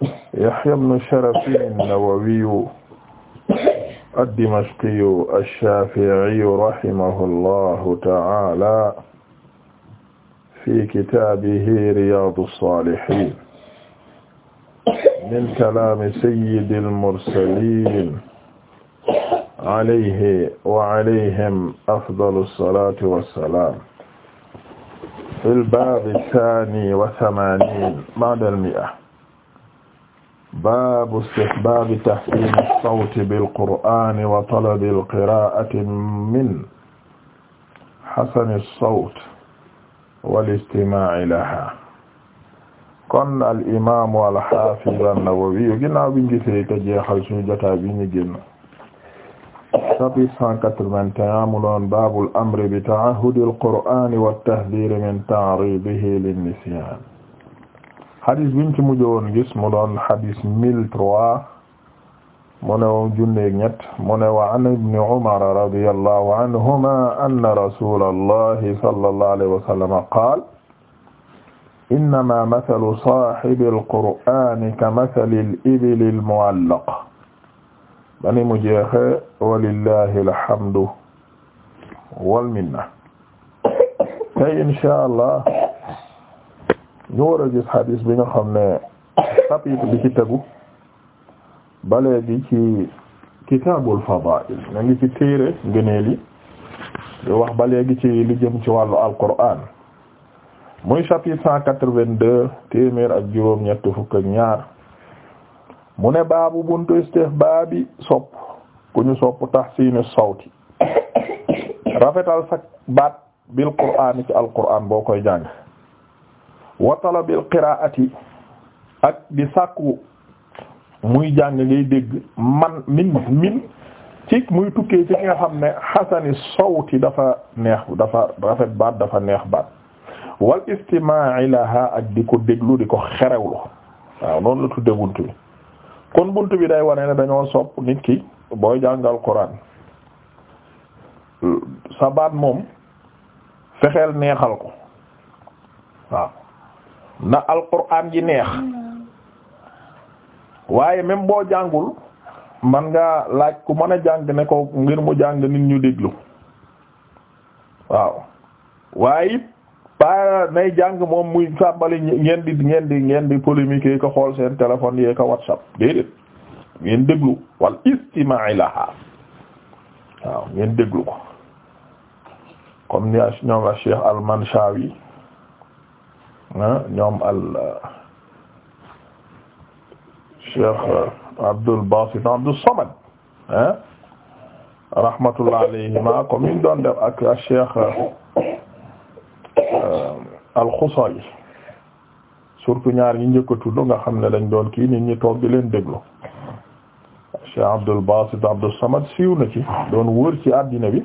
Yahya ibn Sharafin an-Nawawi ad-Dimashqi ash-Shafi'i rahimahullahu ta'ala fi kitaabihi Riyaadu s-Saalihiin min kalaami sayyidil mursaliin alayhi wa alayhim afdalu s-salaati wa s-salaam fil baabi ath-thaani wa thamaaniin ba'da al-mi'a baabu istihbaabi tahsiini as-sawti bil-qur'aani wa talabi al-qiraa'ati min hasani as-sawti wal-istimaa'i lahaa. kon al-imaamu al-haafiz an-Nawawi ginnaaw bi ñu gisee te jeexal suñu jotaay bi ñu génn. chapitre 181 mu doon baabul amri bi ta'ahhudi al-qur'aani wat-tahdhiiri min ta'riidihi lin-nisyaan xadis biñ ci mujj woon gis mu doon xadis mille trois mu ne woon junneeg ñett mu ne wa an ibni umar radiyallahu anhuma anna rasulallahi sallallahu alayhi wa sallam qaal innama mathalu saahibil qur'aani kamathalil ibilil mu'allaqa bani mu jeexe walillahi alhamdu wal minna tey inshaa Allah ñu war a gis xadiis bi nga xam ne chapitre bi ci tegu balee gi ci kitaabul fadaa'il na ngi ci téere ngëneel yi di wax ba léegi ci li jëm ci wàllu alquraan muy chapitre cent quatre-vingt-deux téeméer ak juróom ñett fukk ak ñaar mu ne baabu buntu bi sopp ku ñu sopp tahsiinu sawti rafetal sa baat bil quraan ci alquraan boo koy jàng wa talabil qiraati ak di sàkku muy jàng ngay dégg man min min ci muy tukkee ci nga xam ne xasani sawti dafa neex dafa rafet baat dafa neex baat wal istimaa laha ak di ko déglu di ko xerewlu waaw noonu la tudde bunt bi kon bunt bi day wane ne dañoo sopp nit ki booy jàngal Qur'an sa baat moom fexeel neexal ko waaw na alquran ji neex waaye même boo jàngul man nga laaj ku mën a jàng ne ko ngir mu jàng nit ñu déglu waaw waaye ba nay jàng moom muy sàmbali ngeen di ngeen di ngeen di polémique ko xool seen téléphone yee ko whatsapp déedéet ngeen déglu wal la laha waaw ngeen déglu ko comme ni ñoom a Cheikh Ah, ñoom al ah, Cheikh ah, Abdul Basit Abdul Samad ah rahmatullah alayhima comme ñu doon def ak Cheikh al Xusay surtout ñaar ñi njëkk a tudd nga xam ne dañ doon kii nit ñi toog di leen déglu Cheikh Abdul Basit Abdul Samad siiw na ci doon wër ci àddina bi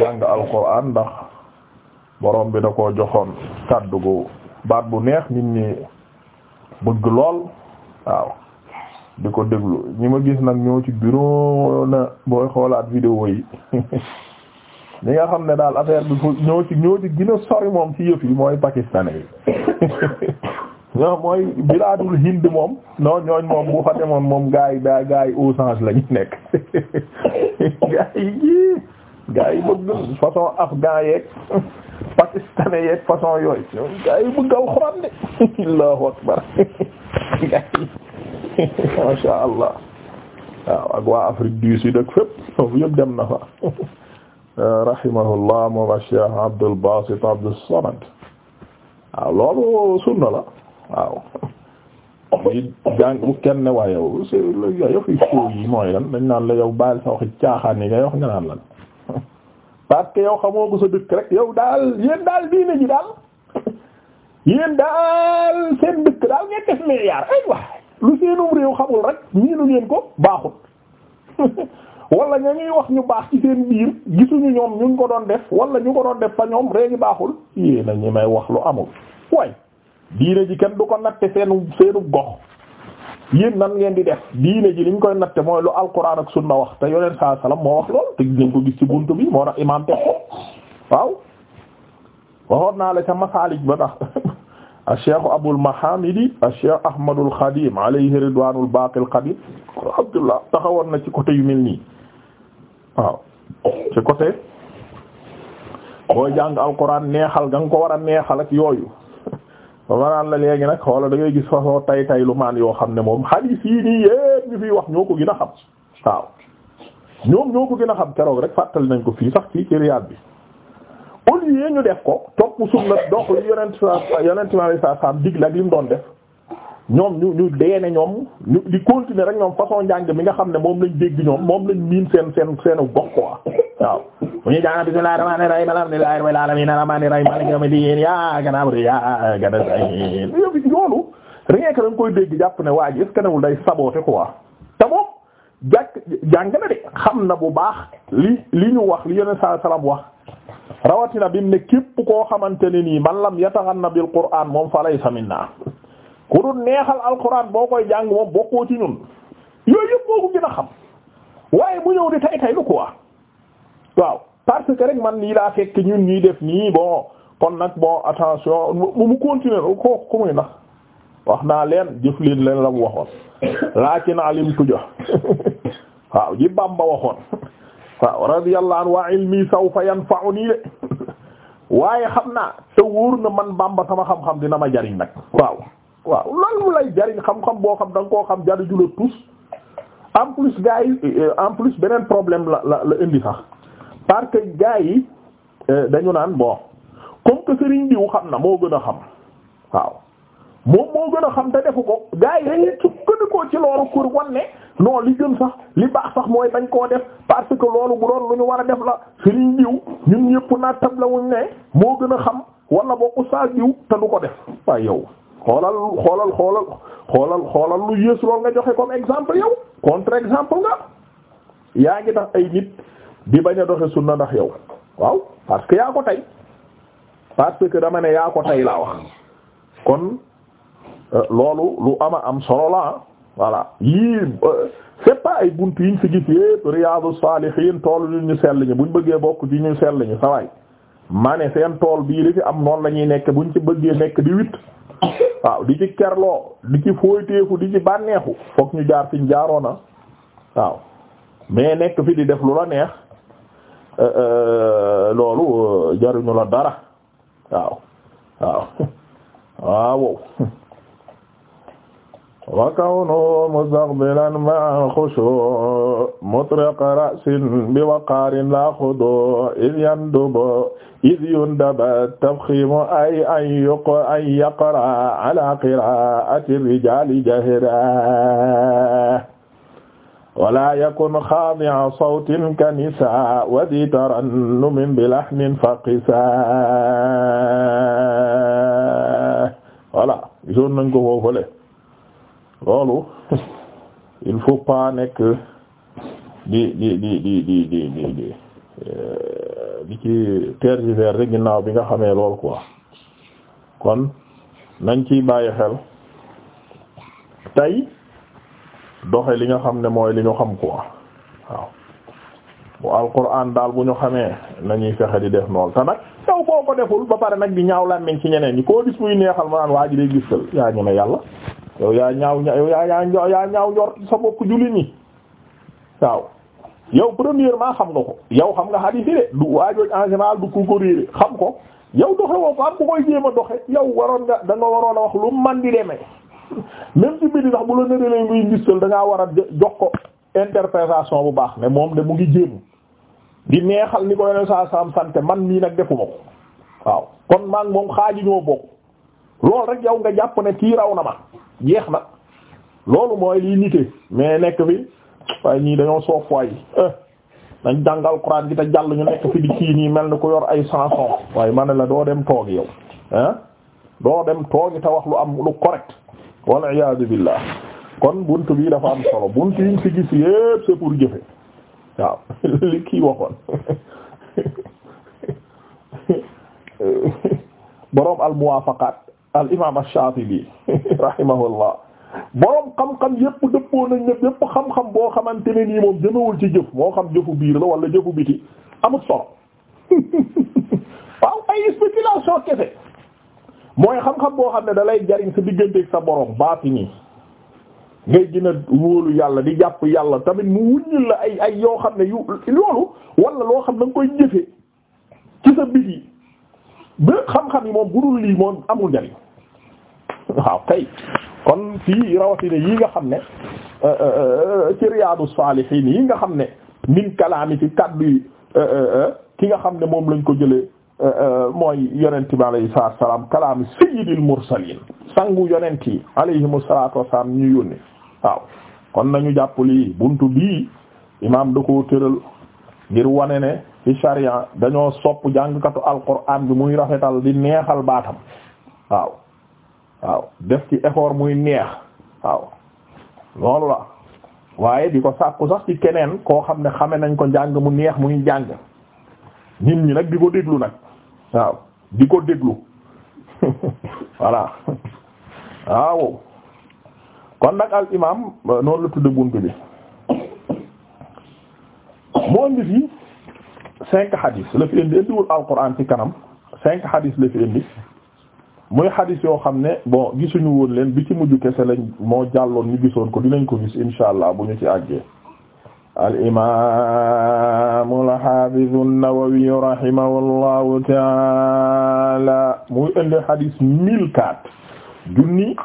jàng Alxuraan ndax. boroom bi da koo joxoon kàddu gu baat bu neex nit ñi bëgg lool waaw di ko déglu ñi ma gis nag ñoo ci bureau na booy xoolaat vidéo yi ñi nga xam ne daal affaire bi fu ñoo ci ñoo ci gën sori moom ci yëf yi mooy pakistanais yi ñoo mooy bilaadul Hind moom non ñooñ moom bu fa demoon moom gaa yi daa gaa yi au change la nekk gaa bëgg façon afghan yeeg pakistanais yeeg façon yooyu ñoom gars yi bëgg alxuraan de allahu akbar gars yi allah waaw ak waa Afrique du Sud ak fépp yëpp dem na fa rahimahullah moom Cheikh Abdul Basit Abdus Samad waaw loolu sunna la waaw bu kenn ne waa yow yi mooy lan dañ naan la yow baal sa waxi caaxaan yi ngay wax nga lan parce yow xamoo ko sa dëkk rek yow daal yéen daal diine ji daal yéen daal seen dëkk daal ngeen def milliard ay waay lu seenum réew xamul rek miinu ngeen ko baaxut wala ña ngiy wax ñu baax ci seen biir gisuñu ñoom ñu ngi ko doon def wala ñu ko doon def fa ñoom réegi baaxul yéen a ñi may wax lu amul way diine ji kenn du ko natte seenu seenu gox yéen nan ngeen di def diine ji li ñu koy natte mooy lu alquran ak sunna wax te yoneen saa salaam moo wax lool te dinañ ko gis ci bunt bi moo tax imaam teg ko waaw. waxoon naa la ca masaalik ba tax a cheikh Abul Mahamidi a cheikh Ahmadul Xadim alayhi ridwanul baaqil qadim alhamdulillah taxawoon na ci côté yu mel nii waaw ci côté. boo jàng alquran neexal nga ko war a neexal ak yooyu. ba la léegi nag xoola dangay ngay gis façon tay tay lu maan yoo xam ne moom hadith yii nii yépp ñu fiy wax ñoo ko gën a xam waaw ñoom ñoo ko gën a xam keroog rek fàttali nañ ko fii sax fii ci Riyad bi au lieu ñu def ko toog topp sunna dox li yonent sa yonent mi sallallahu alayhi wasallam digle ak li mu doon def ñoom ñu ñu dee ñoom ñu di continuer rek ñoom façon njàng mi nga xam ne moom lañ dégg ñoom moom lañ miin seen seen seenu gox quoi waaw bu ñu jànga bismillahir rahmanir rahim alhamdulillahi rabbil alamin arrahmanir rahim maliki yawmiddin nga koy dégg jàpp ne waa ji est-ce que newul day saboter quoi te moom jàkk jàng na de xam na bu baax li li ñu wax li yoneen sa salam wax rawatina bi ne képp koo xamante ne nii man lam yataxanna bil qur'an moom fa laysa minna ku dul neexal alquran boo koy jàng moom bokkoo ci ñun yooyu yëpp moo gën a xam waaye mu ñëw di tay tay lu quoi waaw parce rek man lii laa fekk ñun ñuy def nii boo kon nag boo attention mu mu continuer ko ku muy nax wax naa leen jëf leen la mu waxoon laakin alim tujo waaw ji Bamba waxoon waaw radiyallahu anhu wa ilmi sawfa yanfa'uni de waaye xam naa te wóor na man Bamba sama xam-xam dina ma jariñ nag waaw waaw lan mu lay jariñ xam-xam boo xam da nga koo xam jari jula tous en plus gars yi euh, en plus beneen problème la la la indi sax parce gaa yi euh, dañu naan bon comme que Serigne diw xam na moo gën a xam waaw moom moo gën a xam te defu ko gars yi dañuy sukkandikoo ci loolu ko wan ne non li gën sax li baax sax mooy bañ koo def parce que loolu bu doon lu ñu war a def la si Serigne diw ñun ñëpp naa tab la wuñ ne moo gën a xam wala boo ustaas diw te du ko def waaye yow xoolal xoolal xoolal xoolal xoolal lu yées lool nga joxe comme exemple yow contre exemple nga yaa ngi tax ay nit di bañ a doxe sunna ndax yow waaw parce que yaa ko tey parce que dama ne yaa ko tey laa wax kon euh, loolu lu am a am solo la voilà yii euh, c'est pas ay buntu yiñ fi gis yépp Riyadou Salihine tool yu ñu sell ñi buñ bëggee bokk ci ñu sell ñi sawaay ma ne seen tool bii li fi am noonu la ñuy bu ñu ci bëggee nekk di witt waaw di ci kerloo di ci fooyteeku di ci bànneexu fokk ñu jaar fiñ jaaroona waaw mais nekk fi di def lu la neex euh, euh, loolu euh, jaruñu la dara waaw waaw waaw wa kawnuhu mustaqbilan ma'a khushu' mutriq ra'sin bi waqarin la khudu' idh yandubu idh yundabu tafkhimu ay an yuq an yaqra ala qira'ati rijali jahra wa la yakun khadi'a sawtin kanisa wa dhi tarannumin bilahnin faqisa voilà gisoon nañ ko foofale loolu il faut pas nekk di di di di di di di di euh, di ginnaaw bi nga xamee lool ko kon nañ ci bàyyi xel tey doxe li nga xam ne mooy li ñu xam ko waaw bu alquran daal bu ñu xamee nañuy fexe di def noonu te nag yow boo ko deful ba pare nag di ñaaw lan ci ñeneen ñi koo gis muy neexal ma naan waa ji day gis yaa ñu ne yàlla yow yaa ñaaw yow yaa ñaaw yor sa bokk jullit ñi waaw yow premièrement xam nga ko yow xam nga hadith de du waajooj en général du ku ko réeré xam ko yow doxe woo ko ku koy jéem doxe yow waroon nga da waroon a wax lu man di demee même ci biti sax bu la nëralay nguy ngistal da ngaa war a jox ko interprétation bu baax ne moom de mu ngi jéem di neexal ni ko yoneen saa sam sante man mii nag defuma ko waaw kon maa moom xaaji ñoo bokk loolu rek yow nga jàpp ne kii raw na ma jeex na loolu mooy liy nite mais nekk fi waaye ñii dañoo soof waay eh, nañ jàngal Alxuraan gi te jàll ñu nekk fi di kii nii mel ni ku yor ay chanson waaye ma ne la doo dem toogi yow ah doo dem toogi te wax lu am lu correct wal iyaadu billah kon buntu bi dafa am solo buntu yi ñu gis yépp c'est pour jëfe waaw li kii waxoon boroom al al imaam ash-Shaatibi rahimahullah borom xam-xam yépp dëppoo nañ ne yépp xam-xam boo xamante ne nii moom jëmewul ci jëf moo xam jëfu biir la wala jëfu biti amut solo waaw ay spéculation kese mooy xam-xam boo xam ne dalay jariñ sa digganteeg sa borom baati nii ngay gën wóolu yàlla di jàpp yàlla tamit mu wuññil la ay ay yoo xam ne yu loolu wala loo xam da nga koy jëfe ci sa biti. ba xam-xam yi moom budul lii moom amul njariñ waaw kay kon fii rawatina yi nga xam ne euh, euh, euh, ci riyaadu saalihiin yi nga xam ne min kalaami ci kaddu yi ki nga xam ne moom lañ ko jële mooy yonent bi alayhi salaatu wa salaam kalaami sayyidil mursaliin sangu yonent yi alayhimu salaatu wa salaam ñu yónni waaw kon nañu jàpp lii buntu bii imaam da koo tëral ngir wane ne. ci sharia dañoo sopp jàngkatu alquran bi muy rafetal di neexal baatam waaw waaw def ci effort muy neex waaw loolu la waaye di ko sàkku sax ci keneen koo xam ne xame nañ ko njàng mu neex muy jàng nit ñi nag di ko déglu nag waaw di ko déglu voilà waaw kon nag al imam euh, noonu la tudde bunt bi moo ngi fi cinq xadis la fi indi indiwul alquran ci kanam cinq xadis la fi indi muy xadis yoo xam ne bon gisuñu woon leen bi ci mujj kese lañ moo jàlloon ñu gisoon ko dinañ ko gis insha allah bu ñu ci àggee al imaamu al xaafizu an-Nawawi rahimahullahu taala muy indi xadis mille quatre junni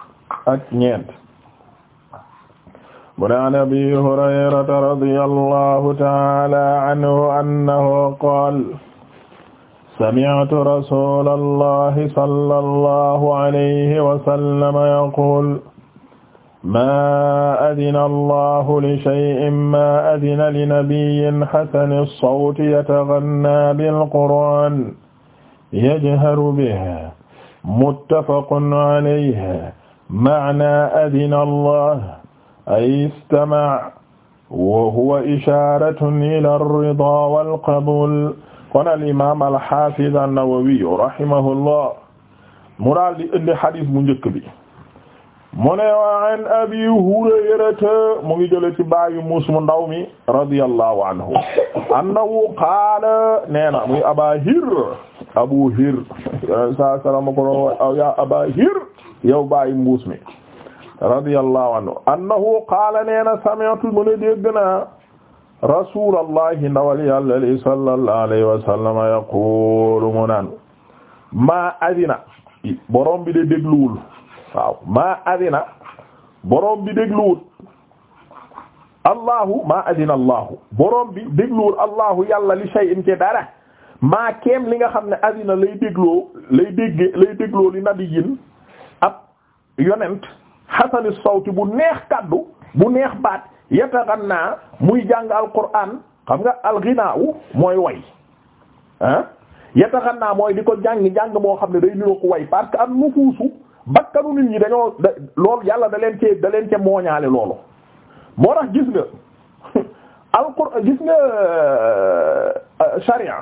ak ñeent mu ne an abi hurayrata radiyallahu ta'ala anhu annahu qaala sami'tu rasulallahi sallallahu alayhi wa sallam yaqul ma adina allahu li shay'in ma adina li nabiyyin hasani as-sawti yataghanna bil qur'an yajharu bihi muttafaqun alayhi ma'na adina allah ay istama wa huwa isharatun ila ar-rida wal qabul kon al imam al hafiz an-Nawawi rahimahullah mu daal di indi hadith mu njëkk bi mu ne wa an abi hurayrata mu ngi jële ci baayu muus mu ndaw mi radiyallahu anhu annahu qaala nee na muy aba hir abu hir saa sala ma ko doon ya aba hir yow baayu muus mi radiyallahu anhu annahu qaala neena sami'tu mu ne dégg naa rasulallahi ndawal yàlla li sallallahu alayhi wa sallam yaqulu mu naan maa adina borom bi de dégluwul waaw maa adina borom bi dégluwul allahu maa adina allahu borom bi dégluwul allahu yàlla li shay'in ci dara maa keem li nga xam ne adina lay dégloo lay dégge lay dégloo li nabiyin ab yonent xasani sawti bu neex kàddu bu neex baat naa muy jàng al alquran xam nga alginaawu mooy woy way xan ah? naa mooy di ko jàng jàng moo xam ne day way parce que am nufuusu bakkanu nit ñi dañoo da loolu yàlla da leen cee da leen cee mooñaale loolu moo tax gis nga alquran gis nga euh, sharia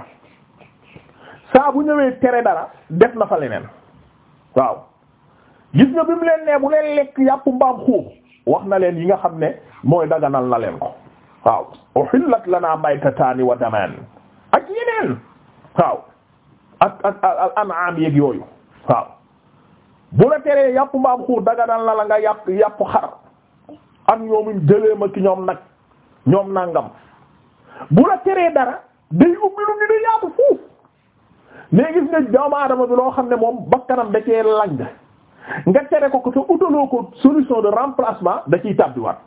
saa bu ñëwee tere dara def na fa leneen waaw gis nga bi mu leen nee bu leen lekk yàpp mbaam xuux wax na leen yi nga xam ne mooy daganal na leen ko waaw uhillat lana maytataani wa damaan ak yeneen waaw ak ak al an'am yeeg yooyu waaw bu la teree yàpp mbaam xuux daganal na la nga yàpp yàpp xar am ñoomin jëleema ki ñoom nag ñoom nàngam bu la teree dara day ubbi lu ñu di yaatu fuuf mais gis nga doomu aadama bi loo xam ne moom bakkanam da cee lang nga tere ko ko te utaloo ko solution de remplacement da ciy tàbbiwaat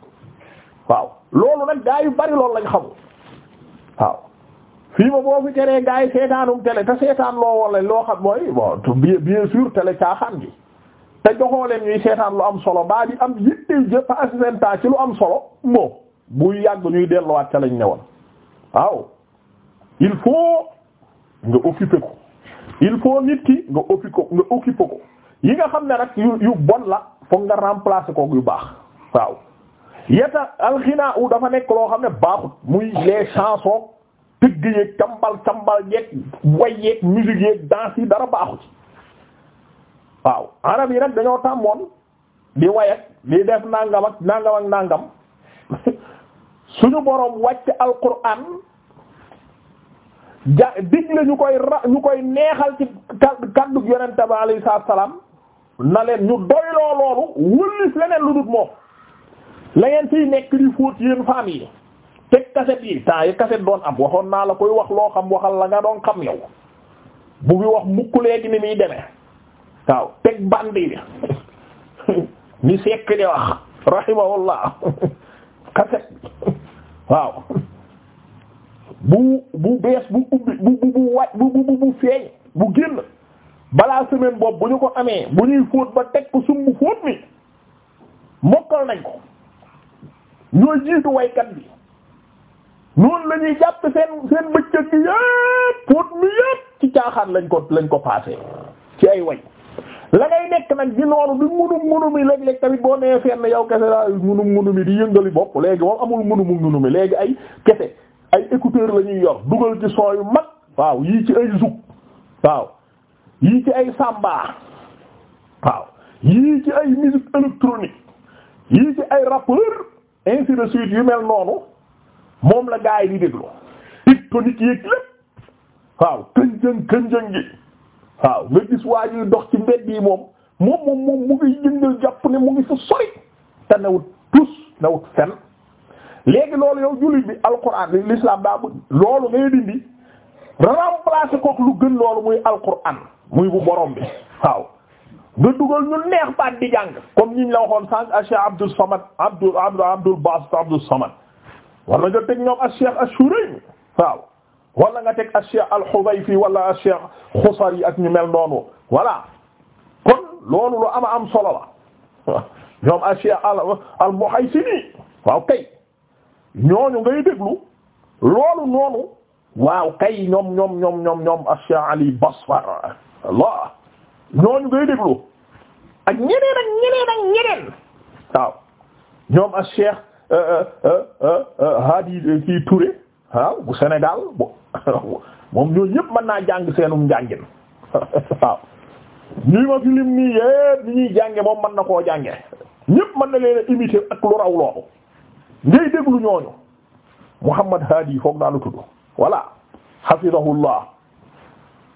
waaw loolu nag gaa yu bari lool lañ xamul waaw fii ma boo fi teree gaa yi seetaanum télé te seetaan loo wala loo xam mooy bon bien sûr télé caaxaan gi te joxoo leen ñuy seetaan lu am solo baa di am yittey jëpp assistance ci lu am solo moo bu yàgg ñuy delluwaat ca lañ newoon waaw il faut nga occuper ko il faut nit ki nga occuper ko nga occuper ko yi nga xam ne nag yu yu bon la foog nga remplacer kook yu baax waaw yeta alxinaa u dafa nekk loo xam ne baaxut muy les chansons tëgg yeeg cambal cambal yeeg way yeeg musique yeeg danse yi dara baaxut waaw arab yi nag dañoo tàmmoon di wayat di def nangam ak nangam ak nangam suñu boroom wàcc alquran ja dig ñu koy ra ñu koy neexal ci kaddu yonente bi alayhi salaam na leen ñu doyloo loolu wëllis leneen lu dut moom la ngeen fiy nekk di fóot yéen femmes yi teg cassette yi temps yi cassette doon am waxoon naa la koy wax loo xam waxal la nga doon xam yow bu ngi wax mukk léegi ni muy demee waaw teg band yi ni sekk di wax rahimahullah cassette waaw bu bu bees bu ubbi bu bu bu bu bu bu feeñ bu génn balaa semaine boobu bu ñu ko amee bu ñuy fóot ba teg ko sumb fóot mi mokkal nañ ko ñooy jiitu waykat bi noonu la jàpp seen seen bëccëg gi yépp fóot mi yépp ci caaxaan lañ ko lañ ko passé ci ay way la ngay nekk nag di noonu di ngunum ngunumi léeg-léeg tamit boo nee fenn yow kese la ngunum ngunumi di yëngali bopp léegi moom amul ngunumu ngunumi léegi ay kese ay écouteur la ñuy yor dugal ci son yu mag waaw yii ci ay zouk waaw yii ci ay sàmba waaw yii ci ay musique électronique yii ci ay rappeur ainsi suite yu mel noonu moom la gaa yi di déglu tectonique yeeg lépp waaw kënjëng kënjëng gi waaw nga gis waa ñuy ci mbedd yi moom moom moom mu ngi yëngal jàpp ne mu ngi fu sori te newut tus newut fen léegi loolu yow jullit bi alquran l'islam daa bëgg loolu ngay dindi remplacer ko lu gën loolu muy alquran muy bu borom bi waaw nga dugal ñu neex baat di jàng comme ñiñ la waxoon sànq a Cheikh Abdul Samad Abdul Abdul Abdul Basit Abdul Samad wala nga teg ñoom a Cheikh Ashurayn waaw wala nga teg a Cheikh Al-Hudayfi wala a Cheikh Khusari ak ñu mel noonu voilà kon loolu lu ama am solo la ñoom a Cheikh Al-Muhaysini waaw kay ñooñu ngay déglu loolu noonu waaw kay ñoom ñoom ñoom ñoom ñoom a Cheikh Ali Basfar Allah ñooñu ngay déglu ak ñeneen ak ñeneen ak ñeneen waaw ñoom ak Cheikh euh, euh, euh, Hadi kii Touré waaw bu Sénégal bo moom ñooñu ñëpp mën naa jàng seenum njàngin waaw ñuy ma fi nii yépp ni ñuy jànge moom mën na koo jànge ñëpp mën na leen a imiter ak lu raw loolu ngay déglu ñooñu Muhammad Hadi foog naa tudd voilà hafizahullah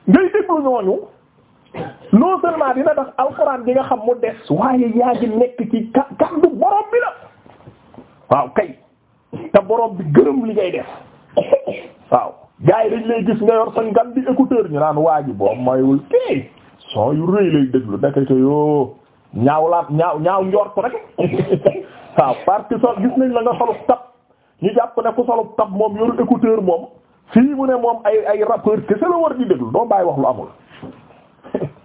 ngay déglu ñooñu non seulement dina tax alxuraan bi nga xam mu des waaye yaa ngi nekk ci ka kaddu borom bi la waaw kay te borom bi gërëm li ngay def waaw gars yi dañ lay gis nga yor sa ngan écouteur ñu naan waa ji boobu mayul kii son yu rëy lay déglu ndekete yoo ñaaw ñaaw ñaaw njort rek waaw parce que so gis nañ la nga solub tab ñu jàpp ne ku solub tab moom yoru écouteur moom. fii mu ne moom ay ay rappeur kese la war di déglu doo bàyyi wax lu amul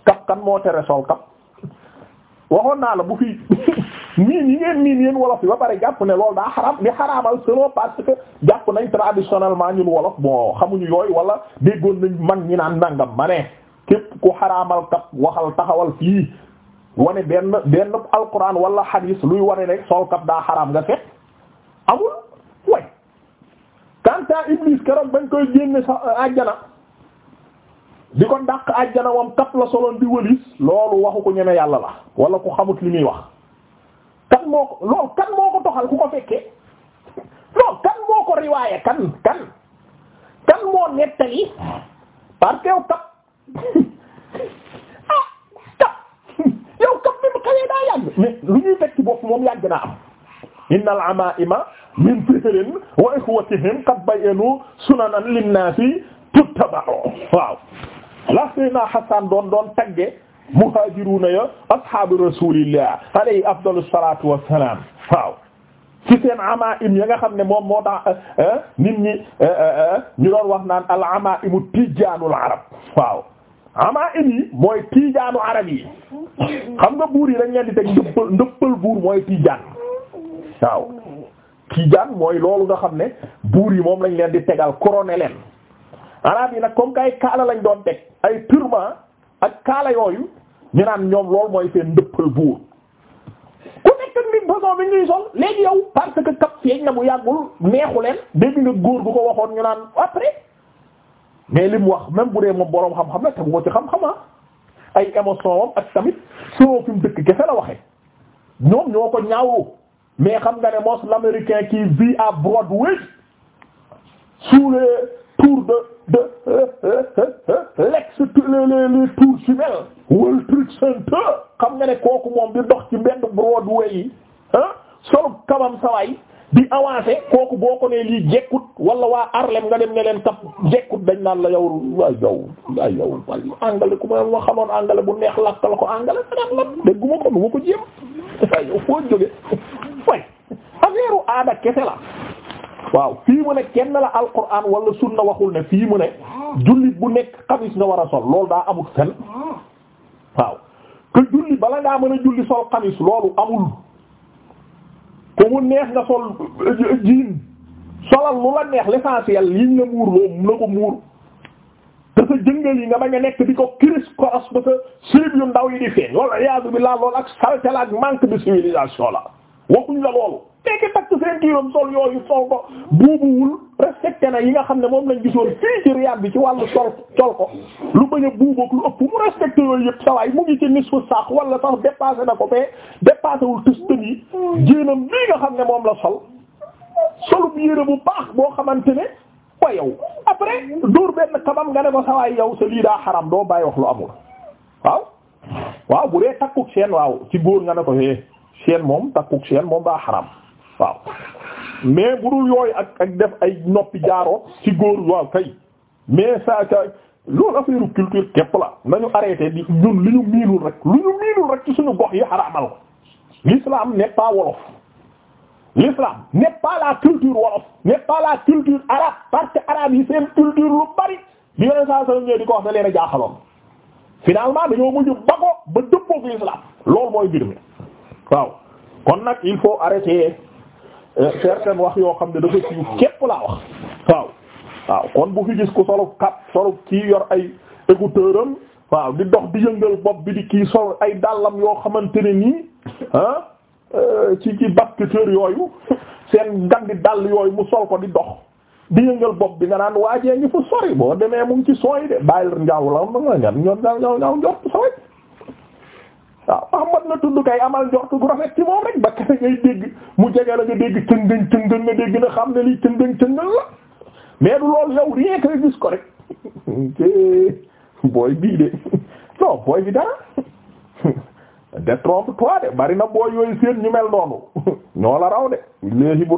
kap kan moo tere sol kap waxoon naa la bu fi miin yi ngeen miin yéen wolof yi ba pare jàpp ne loolu daa xaram li xaraamal selon parce jàpp nañ traditionnellement ñun wolof bon xamuñu yooyu wala déggoon nañ mag ñi naan nangam ma ne képp ku xaraamal kap waxal taxawal fii wane benn benn alquran wala hadis luy wane ne sol kap daa xaraam nga fekk amul. kanta Iblis keroog bañ koy génne sa euh, àjjana di ko dàq àjjana wam kap la soloon di wëlis loolu waxu ko ñeme yàlla la wala ku xamut li muy wax kan moo ko loolu kan moo ko toxal ku ko fekkee loolu kan moo ko riwaaye kan kan kan moo nettali parce yow kap ah kap yow kap mu xawee daa yàgg mais lu ñuy fekk bopp moom yàgg naa am innal amaa'ima min fihlin wa ikhwatihim qad bayyanu sunanan linnaasi tuttaba'u waaw la Seydina Hassan doon doon tagge muhaajiruuna ya ashaabu rasuulillah alayhi afdalu salaatu wa waaw ci seen amaa'im ya nga xam ne moom moo tax eh, eh, nit ñi eh, ñu doon wax naan al amaa'imu tijaanul arab waaw amaa'im yi mooy tijaanu arab yi xam nga buur yi dañ leen di teg buur mooy tijaan waaw kijaan mooy loolu nga xam ne buur yi moom lañ leen di tegal couronné leen arab yi nag comme que kaala lañ doon teg ay turban ak kaala yooyu ñu naan ñoom loolu mooy seen ndëppal buur ku nekk nit façon bi ñuy sol léegi yow parce que kap feeñ na bu yàggul neexu leen dégg nga góor bu ko waxoon ñu naan après mais li wax même bu dee moom boroom xam-xam la tegu ko ci xam-xama ah. ay émotion am ak tamit soo fi mu dëkk kese la waxee ñoom ñoo ko ñaawoo mais xam nga ne mos l'américain qui vit à Broadway sous les tours de de euh, euh, euh, l'ex les tours jumelles World Trade Center xam nga ne kooku moom di dox ci mbedd Broadway yi ah solo kabam saway di avancé kooku boo ko ne lii jekkut wala waa Harlem nga dem ne leen kap jekkut dañ naan la yow waay yow waay yow waay angale ku ma xamoon angale bu neex lakk la ko angale déggu ma ko nu ma ko jéem foo jóge way affaire aada kese la waaw fii mu ne kenn la alquran wala sunna waxul ne fii mu ne jullit bu nekk xamis nga war a sol loolu daa amul fen waaw que julli bala ngaa mën a julli sol xamis loolu amul ku mu neex nga sol euh, euh, jiin solal lu la neex l'essentiel yiñ la muur loolu la ko muur te sa jëngal yi nga bañ nekk di ko kiris koros ba sa silib yu ndaw yi di feeñ wala iyaazu billaah loolu ak salte la ak manque de civilisation la waxuñ la loolu léegi takk seen tiiram sol yooyu sol ko buubuwul respecté na yi nga xam ne moom lañ gisoon fii ci Riyad bi ci wàllu sol sol ko lu bañ a lu ëpp mu respecté yooyu yëpp sawaay mu ngi ci nisfu saaq wala sax dépassé na ko mais dépassé wul tën yi jéenam lii nga xam ne moom la sol solub yére bu baax boo xamante ne wa yow après dóor benn kabam nga ne ko sawaay yow sa lii daa xaram doo bàyyi wax lu amul waaw waaw bu dee takku seen waaw ci góor nga ne ko chaîne moom takkuk chaîne moom daa xaram waaw mais bu dul yooyu ak ak def ay noppi jaaroo ci góor waaw kay mais saa ca loolu affaire culture képp la nañu arrêté di ñun lu ñu miinul rek lu ñu miinul rek ci suñu gox yi xaramal ko l'islam n'est wolof l'islam n'est pas la culture wolof n'est pas la culture arabe parce que arabe yi seen culture lu bari bi yeneen saa saa ñëw di ko wax da leen a jaaxaloon finalement dañoo mujj ba ko ba dëppook l'islam loolu mooy mbir waaw kon nag il faut arrêter certaines wax yoo xam ne dafa siiw képp laa wax waaw waaw kon bu fi gis ku solub kap solub kii yor ay écouteur am waaw di dox di yëngal bopp bi di kii sol ay dàllam yoo xamante ne nii ah ci ci basketteur yooyu seen gan di dàll yooyu mu sol ko di dox di yëngal bopp bi nga naan waajee ngi fu sori boo demee mu ngi ci sooy de bàyyil njaaw la ma nga ñoom ñoom ñoom ñoom njort sooy waaw Ahmad na tudd kay amal njoxtu gu rafet ci moom rek ba kese ngay dégg mu jege la nga dégg cëngën cëngën nga dégg na xam ne lii cëngën cëngën la mais du loolu yow rien que gis ko rek booy bii de non booy bi dara détrompe-toi de bari na booy yooyu seen ñu mel noonu ñoo la raw de léegi bu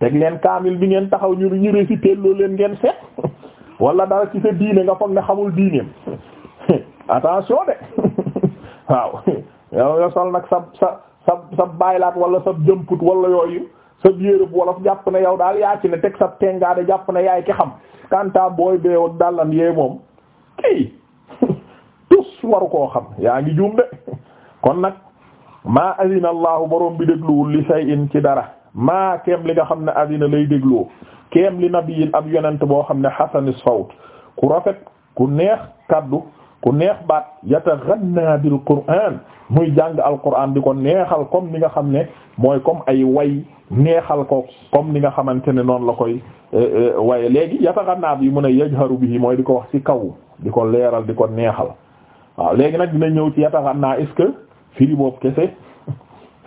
teg leen kaamil bi ngeen taxaw ñu ñu réciter loolu leen ngeen seet wala dara ci sa diine nga foog ne xamul diineem attention de waaw yow nga sol nag sa sa sa sa baylaat wala sa jëmput wala yooyu sa yérëb wolof jàpp na yow daal yaa ci ne teg sa tengaade jàpp na yaay ki xam kanta booy beew ak dàllan yee moom kii tus waru koo xam yaa ngi juum de kon nag maa adina allahu bi dégluwul li shay'in ci dara maa keem li nga xam ne adina lay dégloo keem li nabiyin ab yonent boo xam ne xasanis sawt ku rafet ku neex kàddu ku neex baat yataghanna bil qur'an muy jàng alquran di ko neexal comme ni nga xam ne mooy comme ay way neexal ko comme ni nga xamante ne noonu la koy eh, eh, waye léegi yataghanna bi mu ne yajharu bihi mooy di ko wax ci kaw di ko leeral di ko neexal waaw léegi nag dina ñëw ci yataghanna est-ce que firi boobu kese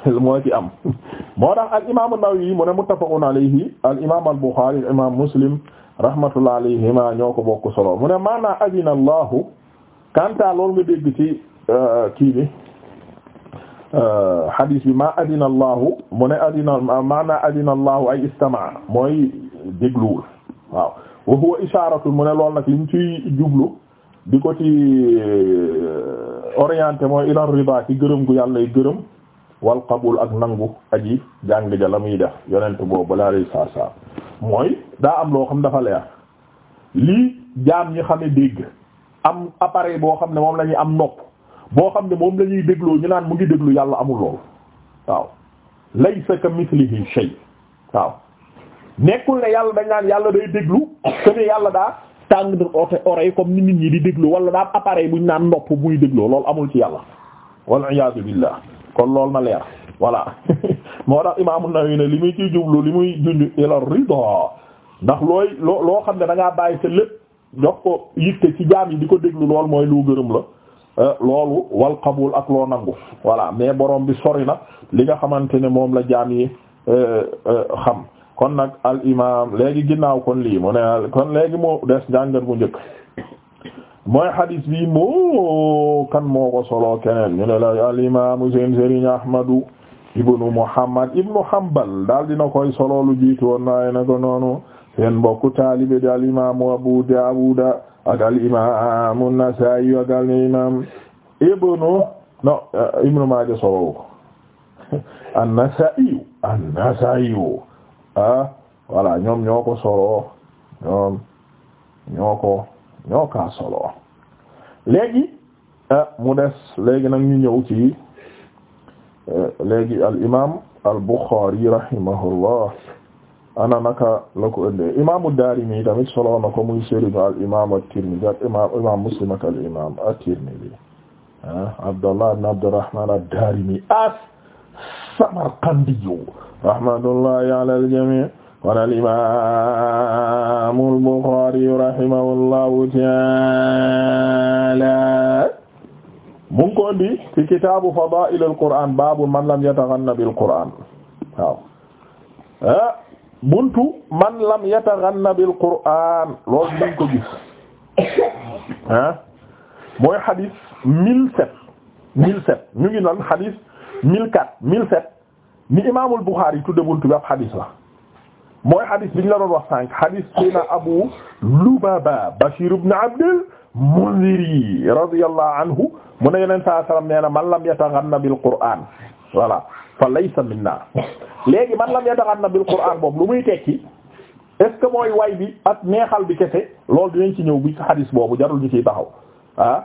moo ci am moo tax al imam an-Nawawi mu ne muttafaqun alayhi al imam al-Bukhari al imam Muslim rahmatullah alayhima ñoo ko bokk solo mu ne maana adina Allahu kanta loolu nga dégg ci euh, kii bi euh, hadis bi ma adina allahu mu ne adina allahu ay istamaa mooy dégluwul waaw wa huwa ishaaratul mu ne loolu nag li mu ciy jublu di ko ci euh, orienté mooy ila rida ci gërëm gu yàlla gërëm wal qabul ak nangu aji jàng la muy def yonent boobu balaa lay saa saa mooy daa am loo xam dafa leer lii jaam ñi xame dégg am appareil boo xam ne moom la am nopp boo xam ne moom lañuy ñuy dégloo ñu naan mu ngi déglu yàlla amul loolu waaw laysa ka mithlihi shay waaw nekkul ne yàlla dañ naan yàlla day déglu que ne yàlla daa tàng oreille comme ni nit ñi di déglu wala daa appareil bu ñu naan nopp muy dégloo loolu amul ci yàlla wal iyaadu billah kon loolu ma leer voilà moo tax Imaam na nawawi ne li muy ciy jublu li muy junj ila rida ndax looy loo loo xam ne da ngaa jox ko yitte ci jaam yi di ko déglu lool mooy lu gërëm la eh, loolu wal qabul ak loo nangu wala mais borom bi sori na li nga xamante ne moom la jaam yi eh, eh, xam kon nag al imaam léegi ginnaaw kon lii mo ne kon léegi moo des njàngat bu njëkk mooy hadis bi moo kan moo ko solo keneen ñu ne la al imaam seen sëriñ Ahmadu ibnu Muhammad ibnu Hanbal daal dina koy solo lu jiitu woon ko noonu. seen mbokku taalibe di al imaamu Abu Daawud ak al imaamu Nasaa'i ak al imaam ibnu no eh, ibnu Maaja solowu ko an-Nasaa'i an-Nasaa'i ah voilà ñoom ñoo ko solo ñoom ñoo ko ñoo ka solo léegi eh, mu des léegi nag ñu ñëw ci eh, léegi al imaam al Buxaari rahimahullah ana naka la ko ëndee imaamu Daarimi tamit solo na ko muy sëriñu al imaamu at-Tirmidhi ak imaam Muslim ak al imaam at-Tirmidhi ah Abdallah ibn Abdurrahman ad-Daarimi as-Samarqandi rahmatullahi ala al-jamii' wa al imaam al-Bukhari rahimahullahu ta'ala mu ngi ko indi ci kitaabu fadaa'il al-Qur'aan baabu man lam yataghanna bil-Qur'aan waaw ah, buntu man lam yataghanna bil qur'aan loolu dañ ko gis ah mooy xadis mille sept mille sept ñu ngi nan xadis mil quatre mille sept ni imaamul Buxaari tudde buntu bi ab xadis la mooy xadis bi ñu la doon wax sànq xadis sayna Abu Lubaaba Bashir ibn Abdil Munziri radiyallahu anhu mu ne yeneen saa salaam nee man lam yataghanna bil qur'aan voilà fa laysa minna léegi man lam yataxanna bil qur'an boobu lu muy tekki est-ce que mooy way bi ak neexal bi kese loolu dinañ ci ñëw bi xadis boobu jarul ñu ciy taxaw ah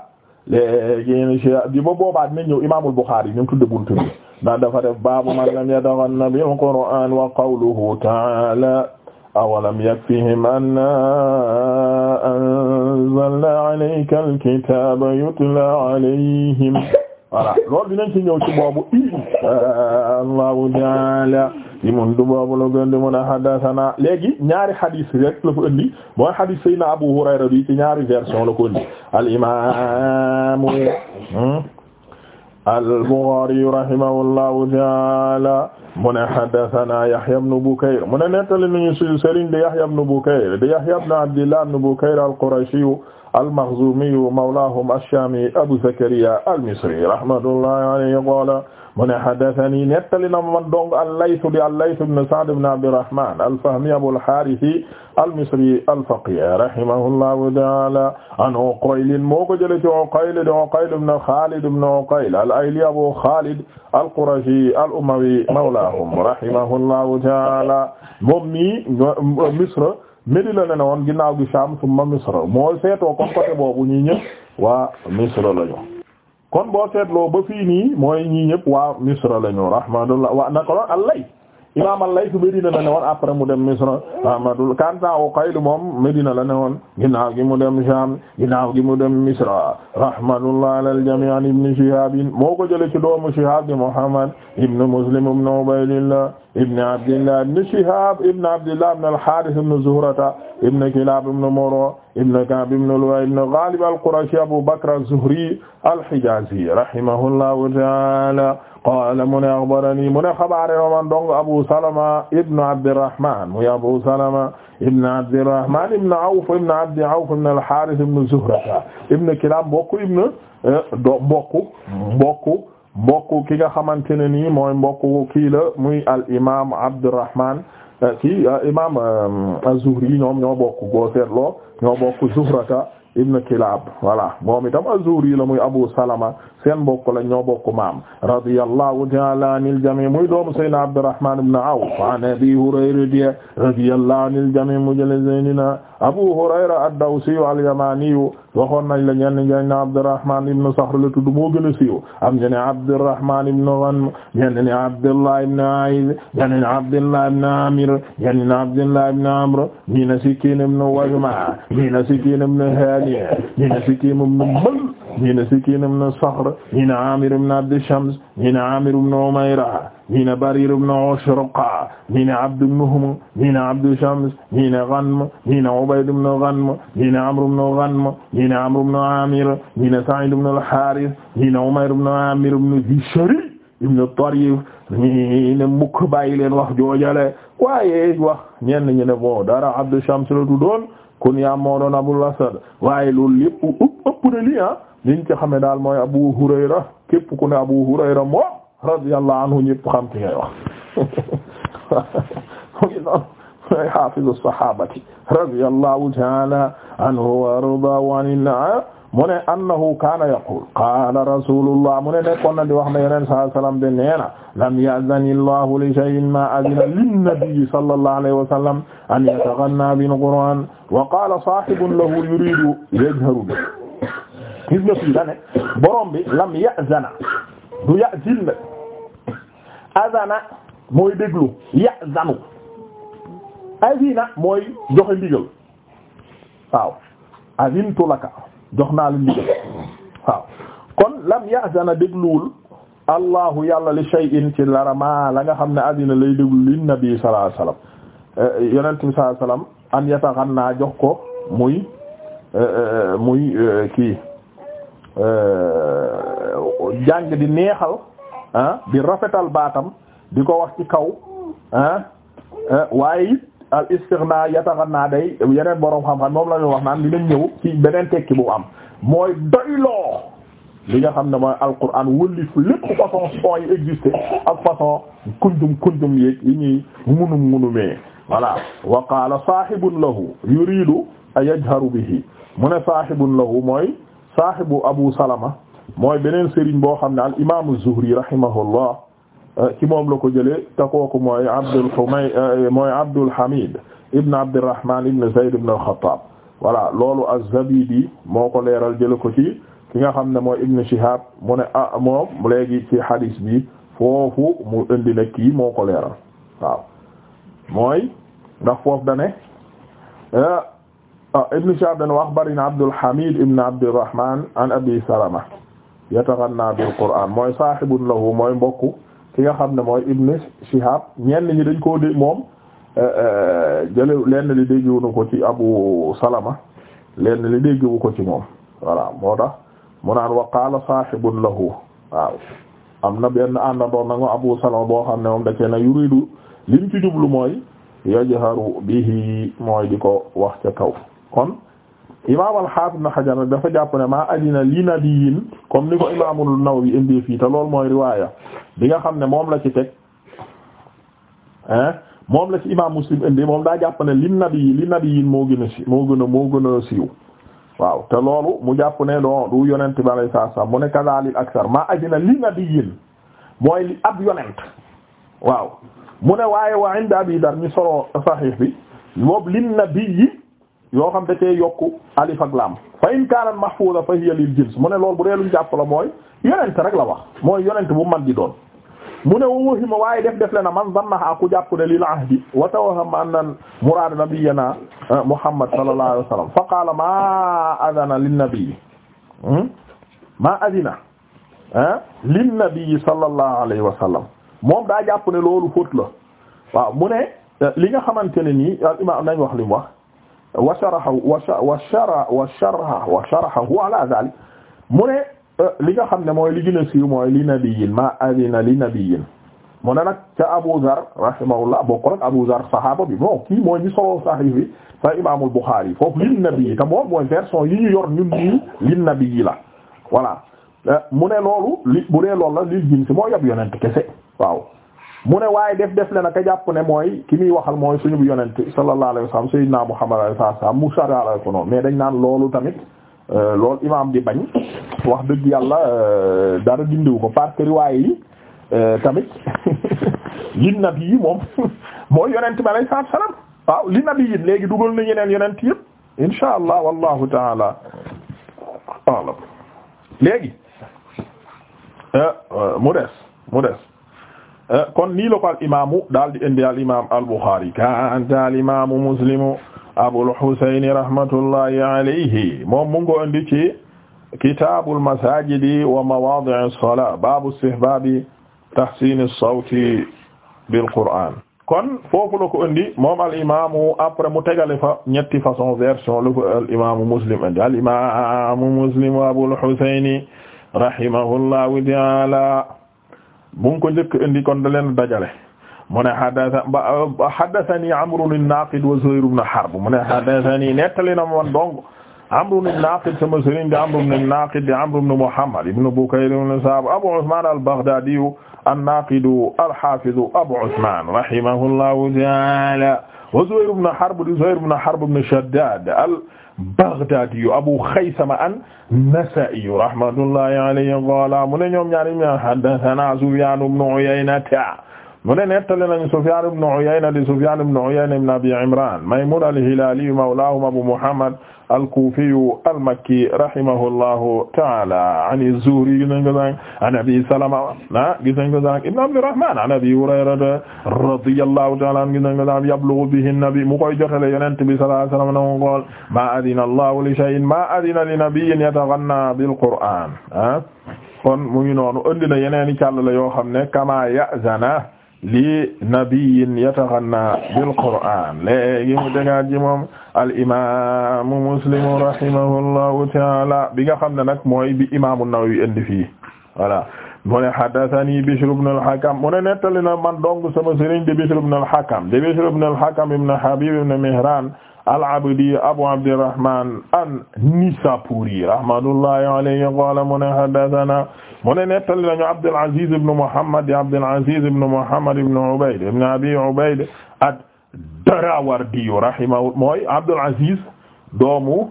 léegi bi ba boobaa dinañ ñëw imaamul Buxaari ñu ngi tudde buntu bi ndax dafa def baabu man lam yataxanna bil qur'an wa qawluhu ta'ala awalam yakfihim anna anzalna alayka alkitaba yutla alayhim voilà loolu dinañ ci ñëw ci boobu Allahu ta'ala yi mun du boobu la gën di mun a haddathana léegi ñaari hadis rek la fa indi mooy hadis Seydina Abu Hurayra bi ci ñaari version la ko indi al imam hmm? al-Bukhari rahimahullahu ta'ala mu ne haddathana Yahya ibn Bukayr mu ne nettali nañu suñu sëriñ di Yahya ibn Bukayr di Yahya ibn Abdillah ibn Bukayr al-Qurashi al-Makhzumiyu mawlaahum ash-Shaami Abu Zakariya al-Misri rahmatullahi alayhi qaala mu ne haddathanii nettali na man dong al-Layth di al-Layth ibn Sa'd ibn Abdirrahmaan al-Fahmi Abu al-Haarith al-Misri al-Faqih rahimahullahu ta'aala an Uqayl moo ko jëlee ci Uqayl di Uqayl ibn Khaalid ibn Uqayl al-Ayli Abu Khaalid al-Qurashi al-Umawi mawlaahum rahimahullahu ta'aala moom mi Misr Medina la ne woon ginnaaw gi Sham summa Misra moo seetoo kon côté boobu ñii ñëpp waa Misra la kon boo seetloo ba fii nii mooy ñii ñëpp waa Misra la ñu rahmatullah waa naka la allay imaam al-Layth Medina la ne woon après mu dem Misra Ahmadul Kanta Uqayl moom Medina la ne woon ginnaaw gi mu dem Sham ginnaaw gi mu dem Misra rahmatullah ala al-jami' an ibn Shihab moo ko jële ci doomu Shihab bi Muhammad ibn Muslim ibn Ubaydillah ibn Abdillah ibn Shihab ibn Abdillah ibn al-Harith ibn Zuhrata ibn Kilab ibn Murra ibn Ka'b ibn Lu'ay ibn Ghalib al-Qurashi Abu Bakr az-Zuhri al-Hijazi rahimahullahu ta'ala qaala mu ne axbarani mu ne xabaare ma man dong Abu Salama ibn Abdirrahman muy Abu Salama ibn Abdirrahman ibn Awf ibn Abdi Awf ibn al-Haaris ibn Zuhra ibn Kilaab mbokk ibn eh, do mbokk mbokk mbokk ki nga xamante ne nii mooy mbokk kii la muy al eh, eh, imaam Abdirrahman kii imaam az-Zuhri ñoom ñoo bokk góor seetloo ñoo bokk Zuhrata ibn Kilab voilà moom itam az-Zuhri la muy Abu Salama seen mbokk la ñoo bokk maam radiyallahu ta'ala anil jami' muy doomu Sayyidina Abdurrahman ibn Awf an Abi Hurayra radiyallahu anil jami' mu jële Sayyidina Abu Hurayra ad-Dawsi al-Yamani waxoon nañ la ñenn ñi ne Abdurrahman ibn Sakhr la tudd moo gën a siiw am ñu ne Abdurrahman ibn Ghanm ñenn ne Abdullah ibn A'iz ñenn ne Abdullah ibn Amir ñenn ne Abdullah ibn Amr ñii ne Sikin ibn Wazma ñii ne Sikin ibn Hani ñii ne Sikin ibn Bal ñii ne Sikin ibn Sakhr ñii ne Amir ibn Abd Shams ñii ne Amir ibn Umayra ñi ne Barir ibn Ushruqa ñi ne Abd ibn Humm ñi ne Abd Shams ñi ne Ghanm ñi ne Ubayd ibn Ghanm ñi ne Amr ibn Ghanm ñi ne Amr ibn Amir ñi ne Sa'id ibn al-Harith ñi ne Umayr ibn Amir ibn Zishri ibn Tarif ñi ne mukk bàyyi leen wax joojale waaye wax ñenn ñi ne bon dara Abd Shams la tuddoon kon yaa moo doon Abul Asad waaye loolu lépp ëpp ëpp na lii ah liñ ci xame daal mooy Abu Hurayra képp ku ne Abu Hurayra moo radiyallahu anhu ñëpp xam ki ngay wax mu ngi noonu mooy hafizu sahabati radiyallahu ta'ala anhu wa ardaahu anillah mu ne annahu kaana yaqul qaala rasulullah mu ne nekkoon na di wax na yeneen saai sallam de neena lam ya'zani allahu li shay'in ma adina linnabiyi sallallahu alayhi wa sallam an yataghanna bil qur'an wa qaala sahibun lahu yuridu yajharu bi gis nga fii dane borom bi lam ya'zana du ya zil azana mooy déglu ya zanu azina mooy joxe ndigal waaw azintu jox naa la ndigal waaw kon lam ya zana dégluwul allahu yàlla li shay'in ci larama la nga xam ne azina lay déglu lin nabi sallallahu alayhi wasallam eh, yonent bi sallallahu alayhi wasallam jox ko muy eh, eh, muy kii jàng di neexal ah di rafetal baatam di ko wax ci kaw ah eh, waaye it al istighna yataghna day yeneen boroom xam-xam moom la ñu wax naan dinañ ñëw ci beneen tekki bu am mooy doyloo li nga xam ne mooy alquran wëllif lépp façon son yi existé ak façon kunjum kunjum yeeg yi ñuy munum munumee voilà wa qaala lahu yuridu a yajharu bihi mu ne saahibun lahu mooy saahibu abu salama mooy beneen sëriñ boo xam ne al imaamu Zuhri rahimahullah euh, ci moom la ko jëlee te kooku mooy Abdul Humay euh, mooy Abdul Hamid ibn Abdurrahman ibn Zayd ibn al-Khattab voilà loolu az-Zabidi moo ko leeral jële ko ci ki nga xam ne mooy Ibn Shihab mu ne ah moom léegi ci hadis bi foofu mu ne kii moo ko leeral waaw mooy ndax foofu dane euh, ah Ibn Shihab dane wax bari na Abdul Hamid ibn Abdurrahman an Abi Salama yataxanna bil qur'aan mooy saahibun lahu mooy mbokku ki nga xam ne mooy ibn Shihab ñenn ñi dañ koo di moom euh, euh, jële lenn li dégguwu ko ci Abu Salama lenn li dégguwu ko ci moom voilà moo tax mu naan wa qaala saahibun lahu waaw am na benn àndandoo nag ma Abu Salama boo xam ne moom da cee na yuridu lim ci jublu mooy yajharu bihi mooy di ko wax ca kaw kon imaam al-Haafiz Ibn Hajar dafa jàpp ne maa adina li nabiyyin comme ni ko imaamul Nawawi indi fii te loolu mooy riwaaya bi nga xam ne moom la ci teg moom la ci imaam Muslim indi moom daa jàpp ne li nabiyyi li nabiyyin moo gën si moo gën moo gën a siiw waaw te loolu mu jàpp ne don du yonent bi alayhi salaam mu ne kadaalil aksar maa adina li nabiyyin mooy li ab yonent waaw mu ne waaye wa inda Abi Dar mi solo saxiix bi boobu li nabiyyi yoo xam da cee yokku alif ak lam fa in kaanat mahfuza fa hiya lil jins mu ne loolu bu dee luñ jàpp la mooy yonent rek la wax mooy yonent bu man di doon mu ne wahima waaye def def le na man zannaha ku jàpp ne lil ahdi wa tawahama anna murad nabiyyina eh, muhammad sallallahu alayhi wa sallam fa qaala ma adana lin nabi hmm? ma adina eh, lin nabi sallallahu alayhi wa moom daa jàpp ne loolu fóot la waaw mu ne eh, li nga xamante ne nii al imam nañ wax li mu wax wa sharaha wa shara wa sharaha wa sharahahu ala zalik mu ne euh, li nga xam ne mooy li gën a siiw mooy li nabiyin ma adina li nabiyin mu ne nag ca Abu Zar rahimahullah boo ko rek Abu Zar sahaaba bi bon kii mooy ñi solo sahih bi sa Imaamul Buxaari foofu lin nabi yi te moom mooy version yi ñu yor ñun ñii lin nabi yi la voilà euh, mu ne loolu li bu dee loolu la li gën ci moo yab yonent kese waaw mu ne waaye def def le na ka jàpp ne mooy ki muy waxal mooy suñu bu yonent sallallahu alayhi wa sallam sayyidina Muhammad sallallahu alayhi wa sallam mu sarala ko noonu mais dañ naan loolu tamit euh, loolu imaam di bañ wax dëgg yàlla euh, dara dindiw ko parce que riwaay yi euh, tamit lin nabi yi moom mooy yonent bi alayhi salaatu wa salaam waaw li nabi yi léegi dugal na yeneen yonent yëpp insha allah wallahu taala léegi mu des mu des kon nii la ko al imaamu daal di indi al imaam al Buxaari kanta al imaamu Muslimu Abul Husayn rahmatullahi alayhi moom mu ngi ko indi ci kitaabul masaajidi wa mawaadi'i salaa baabu istihbaabi tahsiini sawti bil Qur'aan kon foofu la ko indi moom al imaamu après mu tegale fa ñetti façon version la ko al imaamu Muslim indi al imaamu Muslimu Abul Husayn rahimahullahu ta'aala mu ngi ko njëkk indi kon da leen dajale mu ne hadatha hadathani amrun an-naqid wa zuhayr ibn harb mu ne hadathani nettali na man dong Amru ibn Naaqid sama sëriñ di Amru ibn Naaqid di Amru ibn Muhammad ibn Bukayr ibn Sa'b Abu Usmaan al-Baghdaadi an-Naaqid al-Haafiz Abu Usmaan rahimahullahu ta'aala wa Zuhayr ibn Harb di Zuhayr ibn Harb ibn Shaddaad al-Baghdaadi Abu Khaysama an-Nasaa'i rahmatullahi alayhi qaala mu ne ñoom ñaar ñi haddathanaa Sufyaan ibn Uyayna mu ne nettali nañu Sufyaan ibn Uyayna di Sufyaan ibn Uyayna ibn Abi Imraan Maymuun al-Hilaali mawlaahum Abu Muhammad al-Kuufi al-Makki rahimahullahu ta'aala an az-Zuhri gis nañ ko sànq an Abi Salama ah gis nañ ko sànq ibn Abdirrahmaan an Abi Hurayrata radiyallahu ta'aala anhu gis nañ ko sànq yablughu bihi an-nabi mu koy jotale Yonent bi sallallahu alayhi wa sallam na ko maa adina Allahu li shay'in maa adina li nabiyyin yataghannaa bil-Qur'aan ah kon mu ngi noonu indi na yeneen i càll la yoo xam ne kamaa ya'zana li nabiyin yataxanna bil qur'aan léegi mu dëgaat ji moom al imaamu muslimu rahimahullahu taala bi nga xam ne nag mooy bi imaamu Nawawi indi fii voilà mu ne haddathani Bishr ibn al-Hakam mu ne nettali na man dong sama sëriñ di Bishr ibn al-Hakam di Bishr ibn al-Hakam ibn Habib ibn Mihran al-Abdi Abu Abdirrahman an-Nisapuri rahmatullahi alayhi qala mu ne haddathana mu ne nettali nañu Abdul Aziz ibn Muhammad di Muhammad ibn Ubayd ibn Abi Ubayd ad-Darawardi rahimahu mooy Abdul Aziz doomu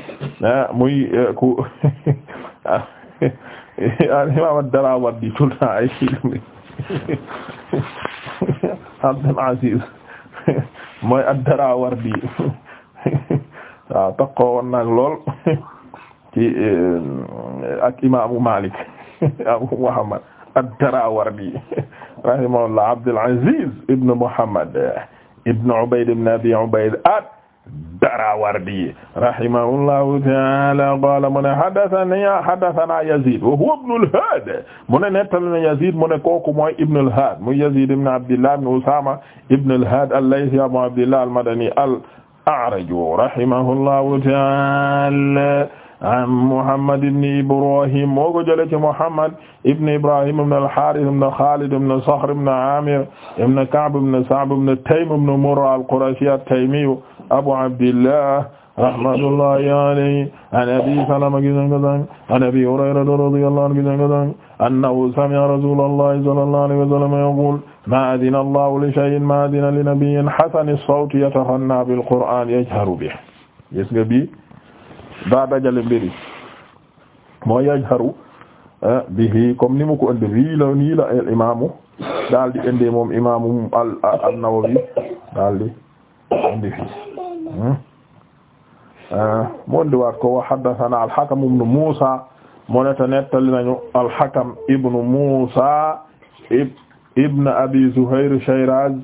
muy ku al-Imam ad Abdul Aziz mooy ad-Darawardi waaw takkoo woon nag lool ci eh, ak imaamu Malik Abu Muhammad ad-Darawardi rahimahullah Abdul Aziz ibn Muhammad eh, ibn Ubayd ibn Abi Ubayd at Darawardi rahimahullahu ta'ala qala mu ne haddathani haddathana Yazid wa huwa ibn al-Had mu ne nettali na Yazid mu ne kooku mooy ibn al-Had mu Yazid ibn Abdillah ibn Usama ibn al-Had al-Laythi Abu Abdillah al-Madani al-A'raj rahimahullahu ta'ala an Muhammad ibn Ibrahim moo ko jëlee ci Muhammad ibn Ibrahim ibn al-Harith ibn Khalid ibn Sakhr ibn Amir ibn Ka'b ibn Sa'b ibn Taym ibn Murra al-Qurashi at-Taymi abu abdillah rahmatullahi alayhi an abi salama gisan ko sang an abi hurayrata radiyallahu anhu gisan ko sang annahu sami'a rasulallahi sallallahu alayhi wa sallam yaqul ma adina allahu li shay'in ma adina li nabiyyin hasani as-sawti yatahanna bil qur'an yajharu bihi gis nga bi daa dajale mbiri moo yajharu ah, bihi comme ni mu ko ëndi wi la nii la al imamu daal di ëndi moom imamu al an-Nawawi daal di ëndi fii Hmm? Eh, moo ndiwaat ko wa haddathana al-Hakam ibn Musa mu ne te nettali nañu al-Hakam ibn Musa ibn Abi Zuhayr Shayraz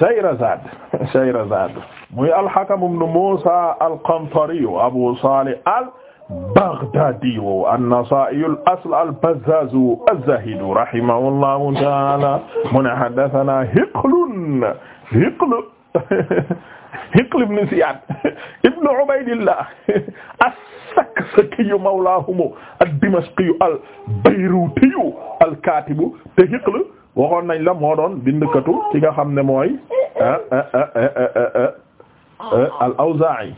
Shayrazad Shayrazad muy al-Hakam ibn Musa al-Qantari Abu Salih al-Baghdadi an-Nasa'i al-asl al-Bazzaz az-Zahid rahimahullahu ta'ala mu ne haddathana Hiql Hiql Hiql ibn Ziyad ibn Ubaydillah as-Saksakiyu mawlaahumu ad-Dimashqiyu al-Bayrutiyu al-kaatibu te Hiql waxoon nañ la moo doon bindkatu ci nga xam ne mooy eh, eh, eh, al-Awzaa'i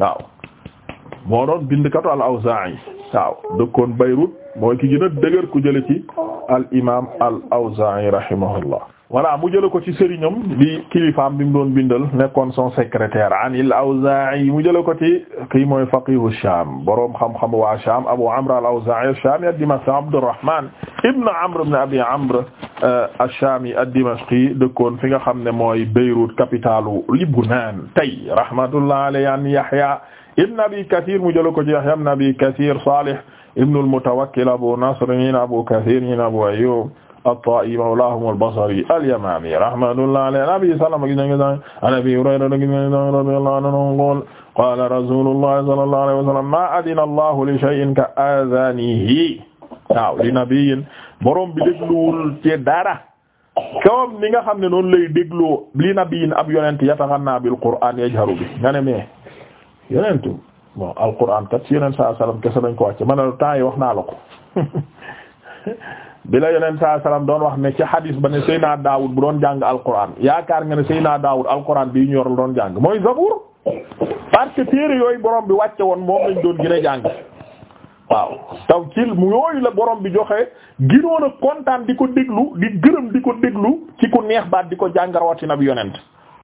waaw moo doon bindkatu al-Awzaa'i waaw dëkkoon Bayrut ki gën a ku jële ci al-imaam al-Awzaa'i rahimahullah voilà mu jële ko ci sëriñam bi kilifaam bi mu doon bindal nekkoon son secrétaire an al-Awzaa'i mu jële ko ci kii mooy faqihu Shaam boroom xam-xam waa Shaam Abu Amr al-Awzaa'i ash-Shaami ad-Dimashqi Abdurrahmaan ibn Amr ibn Abi Amr euh, ash-Shaami ad-Dimashqi dëkkoon fi nga xam ne mooy Beyrouth capitalu Libanaan tey rahmatullah alayhi an Yahya ibn Abi Kathir mu jële ko ci Yahya ibn Abi Kathir Saalih ibn al-Mutawakkil Abu Nasr ñi Abu Kathir ñi Abu Ayyub at-Taa'i mawlaahum al-Basri al-Yamaami rahmatullahi alayhi Abi Salama gis nañ ko sax an Abi Hurayra gis nañ ko radiyallahu anhu qaala rasuulullahi sallallahu alayhi wa sallam maa adina Allahu li shay'in ka aadhaanihi waaw li nabiyyin borom bi dégluwul ci dara comme ni nga xam ne noonu lay dégloo li nabiyyin ab yonent yataxannaa bil Qur'aan yajharu bi nga ne mais yonent bon al Qur'aan kat ci yonent sallallahu alayhi wa sallam kese lañ ko wàcce man temps yi wax naa la ko. bi la yonent saa salaam doon wax ne ci hadis ba ne Seyna Daoud bu doon jàng alquran yaakaar nga ne Seyna Daoud alquran bii ñor la doon jàng mooy Zabour parce que téere yooyu borom bi wàcce woon moo lañ doon gën a jàng waaw taw ci yooyu la borom bi joxe ginoon a kontaan di ko déglu di gërëm di ko déglu ci ku neex baat di ko jàng rawatina bi yonent